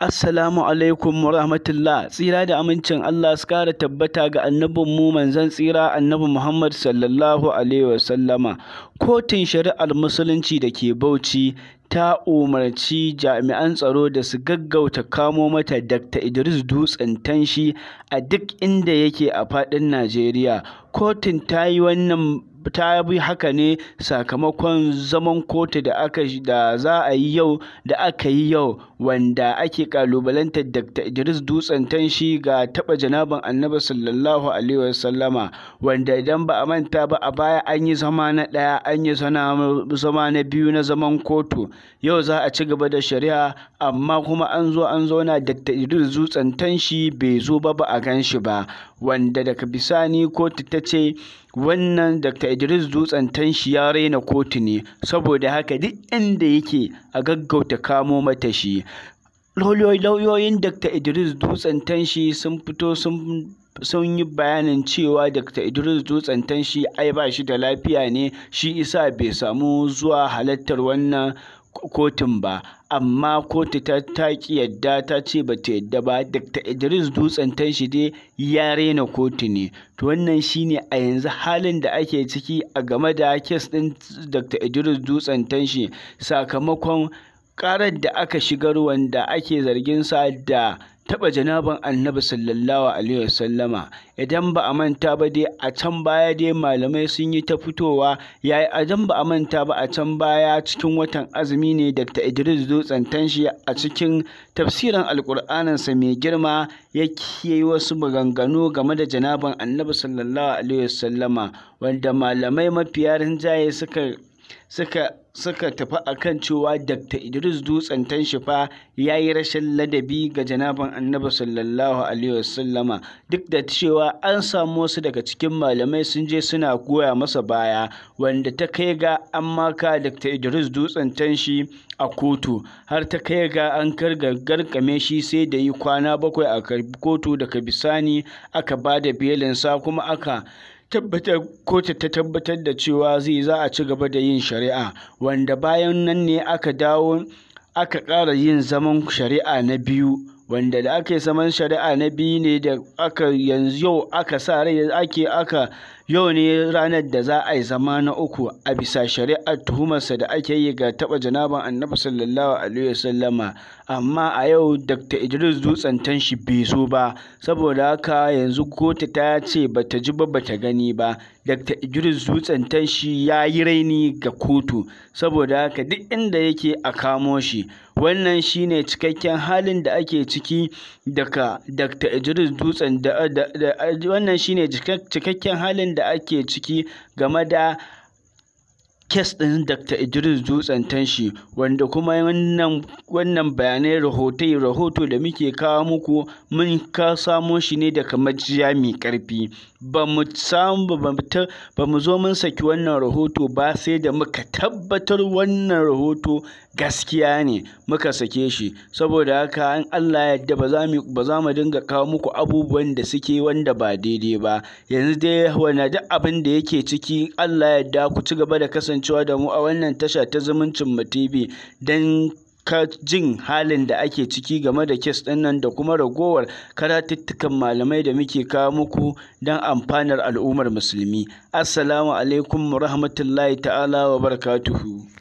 Assalamu alaikum wa rahmatullah tsira da amincin Allah su kara tabbata ga annabin mu manzon tsira annabi Muhammad sallallahu alaihi wa sallama kotun shari'ar musulunci da ke Bauchi ta umarci jami'an tsaro da su gaggauta kamo mata Dr. Idris Dutsen Tanshi a duk inda yake a faɗin Najeriya kotun ta yi wannan ta bi haka ne sakamakon zaman kotu da aka da za a yi yau da aka yi yau wanda ake kalubalantar Dr. Idris Dutsen tanshi ga taba janaban Annabi sallallahu alaihi wasallama wanda idan ba a manta ba a baya an yi zama na daya an yi zama na biyu na zaman kotu yau za a ci gaba da shari'a amma kuma an zo an zauna Dr. Idris Dutsen tanshi bai zo ba ba a gan shi ba wanda daga bisani kotu ta ce wannan Dr. Idris Dutsen Tanshi ya raina kotu ne, saboda haka duk inda yake a gaggauta kamo mata shi. Lauyoyin Dr. Idris Dutsen Tanshi sun fito sun sun yi bayanin cewa Dr. Idris Dutsen Tanshi ai ba shi da lafiya ne, shi isa bai samu zuwa halartar wannan kotun ba, amma kotu ta ƙi yarda ta ce ba ta yadda ba, Dr. Idris Dutsen tanshi dai ya rena kotu ne. To wannan shi ne a yanzu halin da ake ciki a game da kes ɗin Dr. Idris Dutsen Tanshi sakamakon karar da aka shigar wanda ake zargin sa da taɓa janaban annabi sallallahu alaihi wasallama idan ba a manta ba dai a can baya dai malamai sun yi ta fitowa yayi idan ba a manta ba a can baya cikin watan azumi ne dr idris dutsen tanshi a cikin tafsirin alƙur'aninsa mai girma ya yi wasu maganganu game da janaban annabi sallallahu alaihi wasallama wanda malamai mafiya rinjaye suka suka suka tafi kan cewa Dr. Idris Dutsen Tanshifa ya yi rashin ladabi ga janaban Annabi sallallahu alaihi wasallama duk da cewa an samu wasu daga cikin malamai sun je suna goya masa baya wanda ta kai ga an maka Dr. Idris Dutsen Tanshi a kotu har ta kai ga an gargame shi sai da yi kwana bakwai a kotu daga bisani aka ba da belinsa kuma aka tabbatar kotu ta tabbatar da cewa zai za a ci gaba da yin shari'a wanda bayan nan ne aka dawo aka ƙara yin zaman shari'a na biyu wanda da aka yi saman shari'a na biyu ne da aka yanzu yau aka sa rai ake aka yau ne ranar da za a yi zama na uku a bisa shari'ar tuhumarsa da ake yi ga taɓa janaban annabi sallallahu alaihi amma a yau dr idris dutsen tanshi bai zo ba saboda haka yanzu kotu ta ce bata ji ba bata gani ba Dr. Idris Dutsen Tanshi ya yi raini ga kotu, saboda haka duk inda yake a kamo shi. Wannan shi ne cikakken halin da ake ciki daga Dr. Idris Dutsen da, wannan shi ne cikakken halin da ake ciki game da kes ɗin Dr. Idris Dutsen Tanshi wanda kuma wannan wannan bayanai rahotai rahoto da muke kawo muku mun ka samo shi ne daga majiya mai ƙarfi ba mu ba mu zo mun saki wannan rahoto ba sai da muka tabbatar wannan rahoto gaskiya ne muka sake shi saboda haka in Allah yadda ba za mu dinga kawo muku abubuwan da suke wanda ba daidai ba yanzu dai wani duk abin da yake ciki Allah yadda ku ci gaba da kasancewa da mu a wannan tasha ta zumuncin mu TV don ka jin halin da ake ciki game da kes ɗinnan, nan da kuma ragowar karatuttukan malamai da muke kawo muku don amfanar al'ummar musulmi assalamu alaikum rahmatullahi ta'ala wa barakatuhu